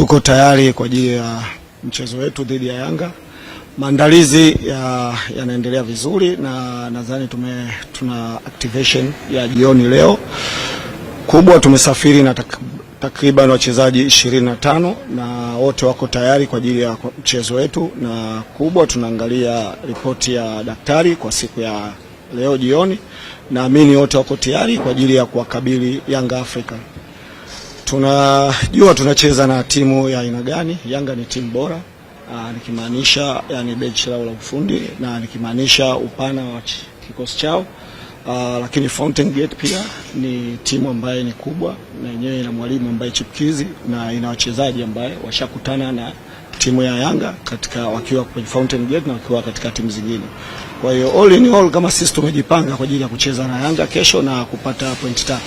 Tuko tayari kwa ajili ya mchezo wetu dhidi ya Yanga. Maandalizi yanaendelea ya vizuri na nadhani tume tuna activation ya jioni leo kubwa. Tumesafiri na tak, takriban wachezaji 25 na wote wako tayari kwa ajili ya mchezo wetu, na kubwa tunaangalia ripoti ya daktari kwa siku ya leo jioni. Naamini wote wako tayari kwa ajili ya kuwakabili Yanga Africa tunajua tunacheza na timu ya aina gani. Yanga ni timu bora ah, nikimaanisha yani benchi lao la ufundi na nikimaanisha upana wa kikosi chao aa, ah, lakini Fountain Gate pia ni timu ambayo ni kubwa na yenyewe ina mwalimu ambaye chipkizi na ina wachezaji ambaye washakutana na timu ya Yanga katika wakiwa kwenye Fountain Gate na wakiwa katika timu zingine. Kwa hiyo all in all, kama sisi tumejipanga kwa ajili ya kucheza na Yanga kesho na kupata pointi tatu.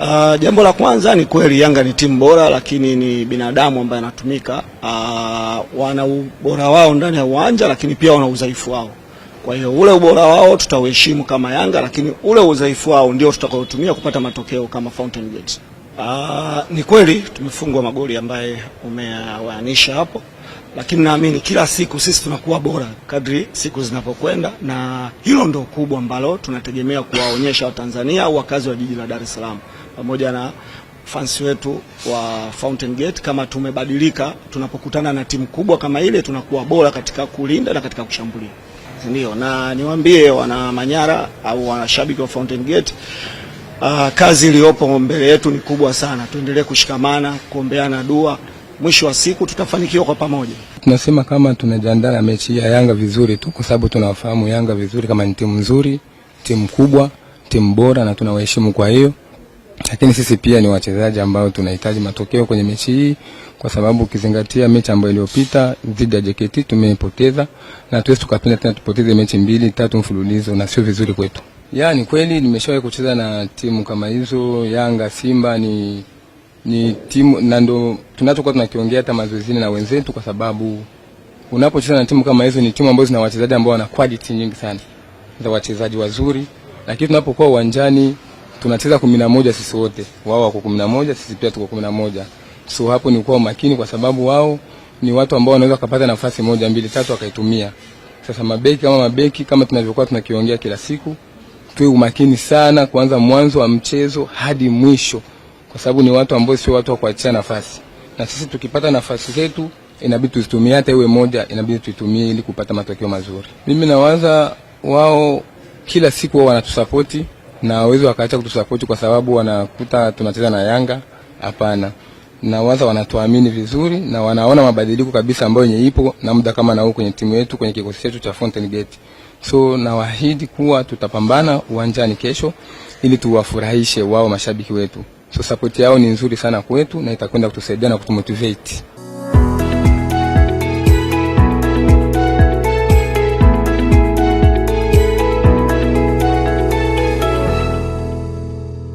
Uh, jambo la kwanza ni kweli Yanga ni timu bora, lakini ni binadamu ambaye anatumika. Uh, wana ubora wao ndani ya uwanja, lakini pia wana udhaifu wao. Kwa hiyo ule ubora wao tutauheshimu kama Yanga, lakini ule udhaifu wao ndio tutakaotumia kupata matokeo kama Fountain Gate. Uh, ni kweli tumefungwa magoli ambaye umeawaanisha hapo, lakini naamini kila siku sisi tunakuwa bora kadri siku zinapokwenda, na hilo ndio kubwa ambalo tunategemea kuwaonyesha Watanzania au wakazi wa jiji la Dar es Salaam pamoja na fans wetu wa Fountain Gate kama tumebadilika. Tunapokutana na timu kubwa kama ile, tunakuwa bora katika kulinda na katika kushambulia, ndio. Na niwaambie wana Manyara au wanashabiki wa Fountain Gate, uh, kazi iliyopo mbele yetu ni kubwa sana. Tuendelee kushikamana, kuombeana dua, mwisho wa siku tutafanikiwa kwa pamoja. Tunasema kama tumejiandaa mechi ya Yanga vizuri tu, kwa sababu tunawafahamu Yanga vizuri, kama ni timu nzuri, timu kubwa, timu bora na tunawaheshimu kwa hiyo lakini sisi pia ni wachezaji ambao tunahitaji matokeo kwenye mechi hii, kwa sababu ukizingatia mechi ambayo iliyopita dhidi ya JKT tumepoteza, na tuwezi tukapenda tena tupoteze mechi mbili tatu mfululizo, na sio vizuri kwetu. Yani kweli nimeshawahi kucheza na timu kama hizo, Yanga, Simba ni ni timu na ndo tunachokuwa tunakiongea hata mazoezini na wenzetu, kwa sababu unapocheza na timu kama hizo, ni timu ambazo zina wachezaji ambao wana quality nyingi sana za wachezaji wazuri, lakini tunapokuwa uwanjani tunacheza kumi na moja sisi wote, wao wako kumi na moja sisi pia tuko kumi na moja So hapo ni kuwa makini, kwa sababu wao ni watu ambao wanaweza kupata nafasi moja mbili tatu akaitumia. Sasa mabeki kama mabeki kama tunavyokuwa tunakiongea kila siku, tuwe umakini sana, kuanza mwanzo wa mchezo hadi mwisho, kwa sababu ni watu ambao sio watu wa kuachia nafasi, na sisi tukipata nafasi zetu inabidi tuzitumie, hata iwe moja inabidi tuitumie ili kupata matokeo mazuri. Mimi nawaza wao kila siku wao wanatusapoti na wawezi wakaacha kutusapoti kwa sababu wanakuta tunacheza na Yanga. Hapana, na waza wanatuamini vizuri na wanaona mabadiliko kabisa ambayo yenye ipo na muda kama na huko kwenye timu yetu, kwenye kikosi chetu cha Fountain Gate. So nawaahidi kuwa tutapambana uwanjani kesho ili tuwafurahishe wao mashabiki wetu. So sapoti yao ni nzuri sana kwetu na itakwenda kutusaidia na kutumotivate.